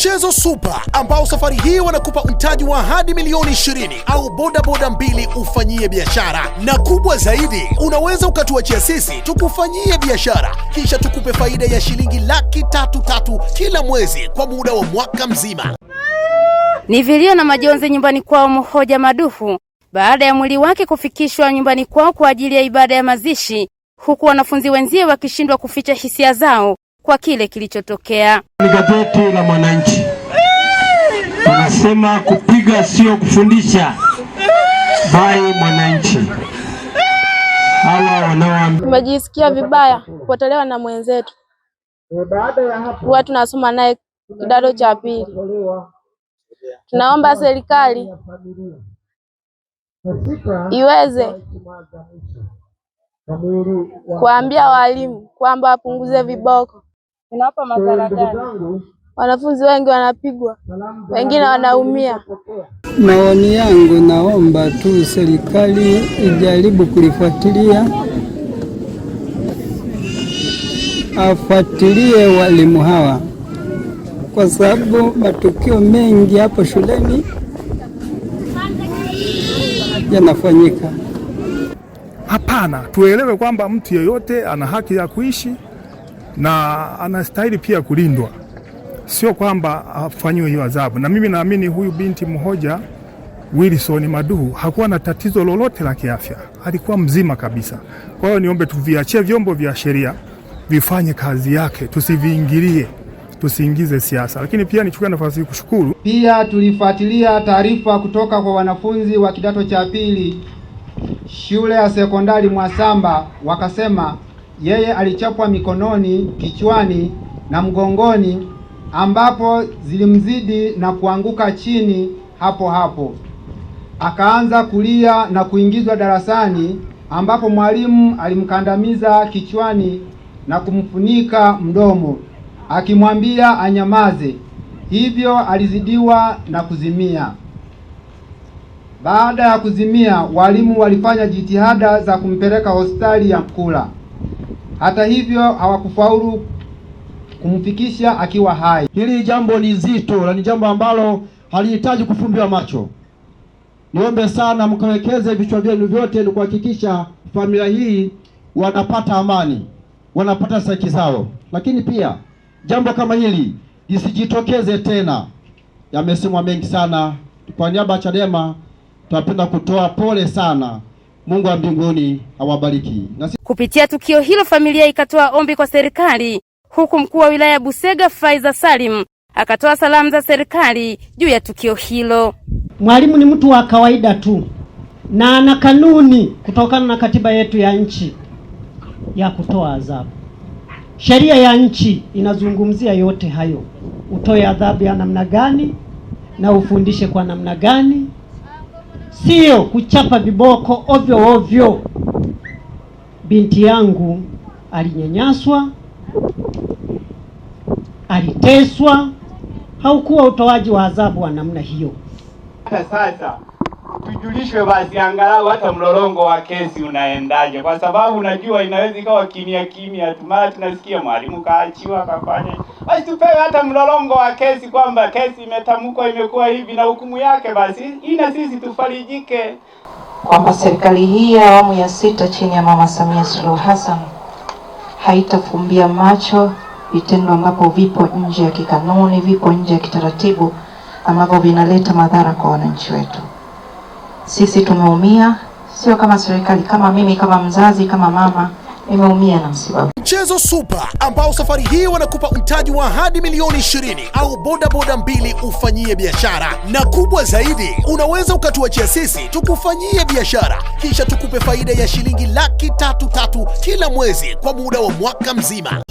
Mchezo Super ambao safari hii wanakupa mtaji wa hadi milioni 20 au bodaboda mbili ufanyie biashara, na kubwa zaidi, unaweza ukatuachia sisi tukufanyie biashara kisha tukupe faida ya shilingi laki tatu tatu kila mwezi kwa muda wa mwaka mzima. Ni vilio na majonzi nyumbani kwao Mhoja Maduhu baada ya mwili wake kufikishwa nyumbani kwao kwa ajili ya ibada ya mazishi, huku wanafunzi wenzie wakishindwa kuficha hisia zao kwa kile kilichotokea. Ni gazeti la Mwananchi tunasema kupiga sio kufundisha, bali Mwananchi. tumejisikia vibaya kupotolewa na mwenzetu, huwa tunasoma naye kidato cha pili. Tunaomba serikali iweze kuambia walimu kwamba wapunguze viboko Inawapa madhara gani? Wanafunzi wengi wanapigwa, wengine wanaumia. Maoni yangu, naomba tu serikali ijaribu kulifuatilia, afuatilie walimu hawa, kwa sababu matukio mengi hapo shuleni yanafanyika. Hapana, tuelewe kwamba mtu yeyote ana haki ya kuishi na anastahili pia kulindwa, sio kwamba afanyiwe hiyo adhabu. Na mimi naamini huyu binti mhoja Wilson Maduhu hakuwa na tatizo lolote la kiafya, alikuwa mzima kabisa. Kwa hiyo niombe tuviachie vyombo vya sheria vifanye kazi yake, tusiviingilie, tusiingize siasa. Lakini pia nichukue nafasi hii kushukuru. Pia tulifuatilia taarifa kutoka kwa wanafunzi wa kidato cha pili shule ya sekondari Mwasamba, wakasema yeye alichapwa mikononi, kichwani na mgongoni, ambapo zilimzidi na kuanguka chini hapo hapo. Akaanza kulia na kuingizwa darasani, ambapo mwalimu alimkandamiza kichwani na kumfunika mdomo akimwambia anyamaze. Hivyo alizidiwa na kuzimia. Baada ya kuzimia, walimu walifanya jitihada za kumpeleka hospitali ya Mkula. Hata hivyo hawakufaulu kumfikisha akiwa hai. Hili jambo ni zito na ni jambo ambalo halihitaji kufumbiwa macho. Niombe sana mkawekeze vichwa vyenu vyote ni kuhakikisha familia hii wanapata amani, wanapata saki zao, lakini pia jambo kama hili lisijitokeze tena. Yamesemwa mengi sana. Kwa niaba ya Chadema tunapenda kutoa pole sana Mungu wa mbinguni awabariki. Nasi... kupitia tukio hilo, familia ikatoa ombi kwa serikali, huku mkuu wa wilaya Busega Faiza Salim akatoa salamu za serikali juu ya tukio hilo. Mwalimu ni mtu wa kawaida tu na ana kanuni kutokana na katiba yetu ya nchi ya kutoa adhabu. Sheria ya nchi inazungumzia yote hayo, utoe adhabu ya namna gani na ufundishe kwa namna gani sio kuchapa viboko ovyo ovyo. Binti yangu alinyanyaswa, aliteswa. Haukuwa utoaji wa adhabu wa namna hiyo. Sasa tujulishwe basi angalau hata mlolongo wa kesi unaendaje, kwa sababu unajua inaweza ikawa kimya kimya tu, mara tunasikia mwalimu kaachiwa kafanya Basi tupewe hata mlolongo wa kesi kwamba kesi imetamkwa imekuwa hivi na hukumu yake, basi hii na sisi tufarijike kwamba serikali hii ya awamu ya sita chini ya Mama Samia Suluhu Hassan haitafumbia macho vitendo ambapo vipo nje ya kikanuni, vipo nje ya kitaratibu ambavyo vinaleta madhara kwa wananchi wetu sisi tumeumia, sio kama serikali, kama mimi, kama mzazi, kama mama nimeumia na msiba. Mchezo Super ambao safari hii wanakupa mtaji wa hadi milioni 20 au boda boda mbili ufanyie biashara, na kubwa zaidi, unaweza ukatuachia sisi tukufanyie biashara kisha tukupe faida ya shilingi laki tatu tatu kila mwezi kwa muda wa mwaka mzima.